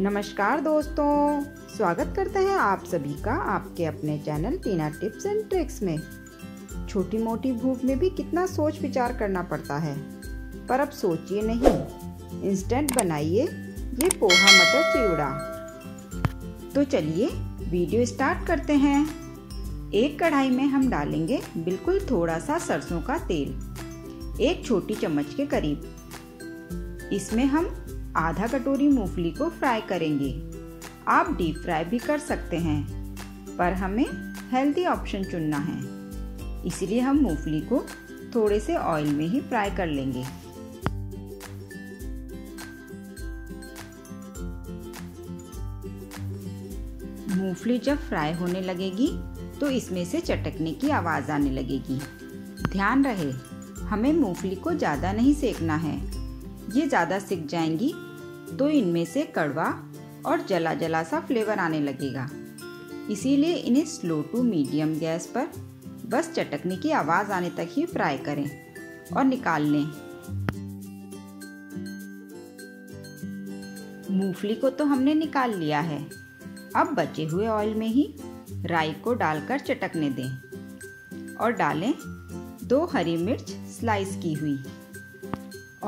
नमस्कार दोस्तों स्वागत करते हैं आप सभी का आपके अपने channel Tina tips and tricks में छोटी मोटी भूख में भी कितना सोच विचार करना पड़ता है पर अब सोचिए नहीं इंस्टेंट बनाइए ये पोहा मटर चिवड़ा तो चलिए वीडियो स्टार्ट करते हैं एक कढ़ाई में हम डालेंगे बिल्कुल थोड़ा सा सरसों का तेल एक छोटी चम्मच के करीब इसमें हम आधा कटोरी मूंगफली को फ्राई करेंगे आप डीप फ्राई भी कर सकते हैं पर हमें हेल्दी ऑप्शन चुनना है इसलिए हम मूंगफली को थोड़े से ऑयल में ही फ्राई कर लेंगे मूंगफली जब फ्राई होने लगेगी तो इसमें से चटकने की आवाज़ आने लगेगी ध्यान रहे हमें मूंगफली को ज़्यादा नहीं सेकना है ये ज़्यादा सिक जाएंगी तो इनमें से कड़वा और जला जला सा फ्लेवर आने लगेगा इसीलिए इन्हें स्लो टू मीडियम गैस पर बस चटकने की आवाज़ आने तक ही फ्राई करें और निकाल लें मूंगफली को तो हमने निकाल लिया है अब बचे हुए ऑयल में ही राई को डालकर चटकने दें और डालें दो हरी मिर्च स्लाइस की हुई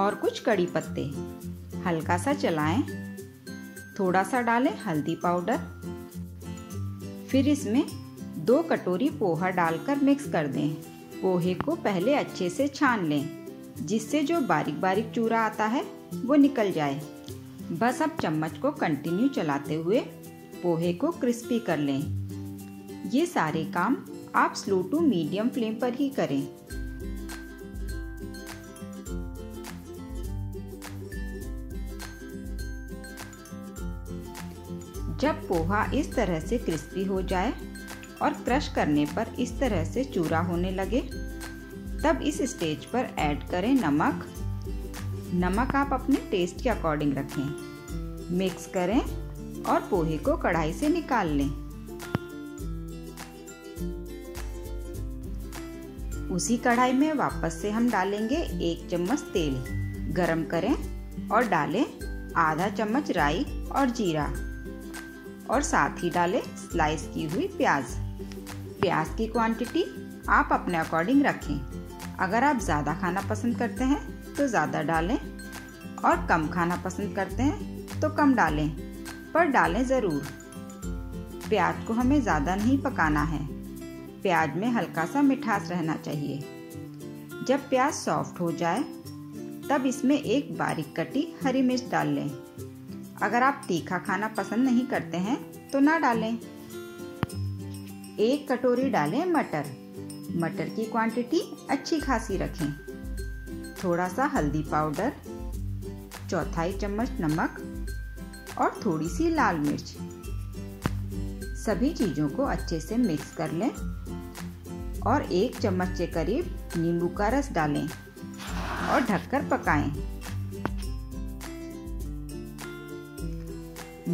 और कुछ कड़ी पत्ते हल्का सा चलाएं थोड़ा सा डालें हल्दी पाउडर फिर इसमें दो कटोरी पोहा डालकर मिक्स कर दें पोहे को पहले अच्छे से छान लें जिससे जो बारीक बारीक चूरा आता है वो निकल जाए बस अब चम्मच को कंटिन्यू चलाते हुए पोहे को क्रिस्पी कर लें ये सारे काम आप स्लो टू मीडियम फ्लेम पर ही करें जब पोहा इस तरह से क्रिस्पी हो जाए और क्रश करने पर इस तरह से चूरा होने लगे तब इस स्टेज पर ऐड करें नमक नमक आप अपने टेस्ट के अकॉर्डिंग रखें मिक्स करें और पोहे को कढ़ाई से निकाल लें उसी कढ़ाई में वापस से हम डालेंगे एक चम्मच तेल गरम करें और डालें आधा चम्मच राई और जीरा और साथ ही डालें स्लाइस की हुई प्याज प्याज की क्वांटिटी आप अपने अकॉर्डिंग रखें अगर आप ज़्यादा खाना पसंद करते हैं तो ज़्यादा डालें और कम खाना पसंद करते हैं तो कम डालें पर डालें ज़रूर प्याज को हमें ज़्यादा नहीं पकाना है प्याज में हल्का सा मिठास रहना चाहिए जब प्याज सॉफ्ट हो जाए तब इसमें एक बारीक कटी हरी मिर्च डाल लें अगर आप तीखा खाना पसंद नहीं करते हैं तो ना डालें एक कटोरी डालें मटर मटर की क्वांटिटी अच्छी खासी रखें थोड़ा सा हल्दी पाउडर चौथाई चम्मच नमक और थोड़ी सी लाल मिर्च सभी चीज़ों को अच्छे से मिक्स कर लें और एक चम्मच के करीब नींबू का रस डालें और ढककर पकाएं।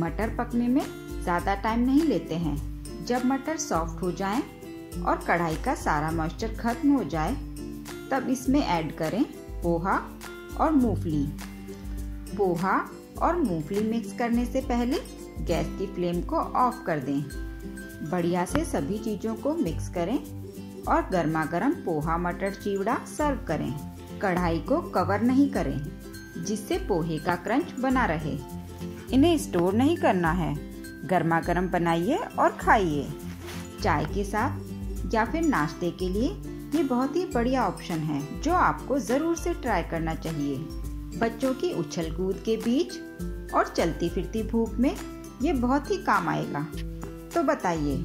मटर पकने में ज़्यादा टाइम नहीं लेते हैं जब मटर सॉफ्ट हो जाए और कढ़ाई का सारा मॉइस्चर खत्म हो जाए तब इसमें ऐड करें पोहा और मूंगफली पोहा और मूंगफली मिक्स करने से पहले गैस की फ्लेम को ऑफ कर दें बढ़िया से सभी चीज़ों को मिक्स करें और गर्मा गर्म पोहा मटर चिवड़ा सर्व करें कढ़ाई को कवर नहीं करें जिससे पोहे का क्रंच बना रहे इन्हें स्टोर नहीं करना है गर्मा गर्म बनाइए और खाइए चाय के साथ या फिर नाश्ते के लिए ये बहुत ही बढ़िया ऑप्शन है जो आपको ज़रूर से ट्राई करना चाहिए बच्चों की उछल कूद के बीच और चलती फिरती भूख में ये बहुत ही काम आएगा तो बताइए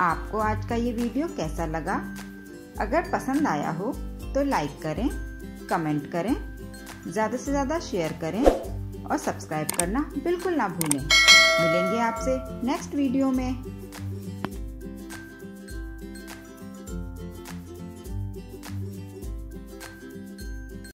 आपको आज का ये वीडियो कैसा लगा अगर पसंद आया हो तो लाइक करें कमेंट करें ज़्यादा से ज़्यादा शेयर करें और सब्सक्राइब करना बिल्कुल ना भूलें मिलेंगे आपसे नेक्स्ट वीडियो में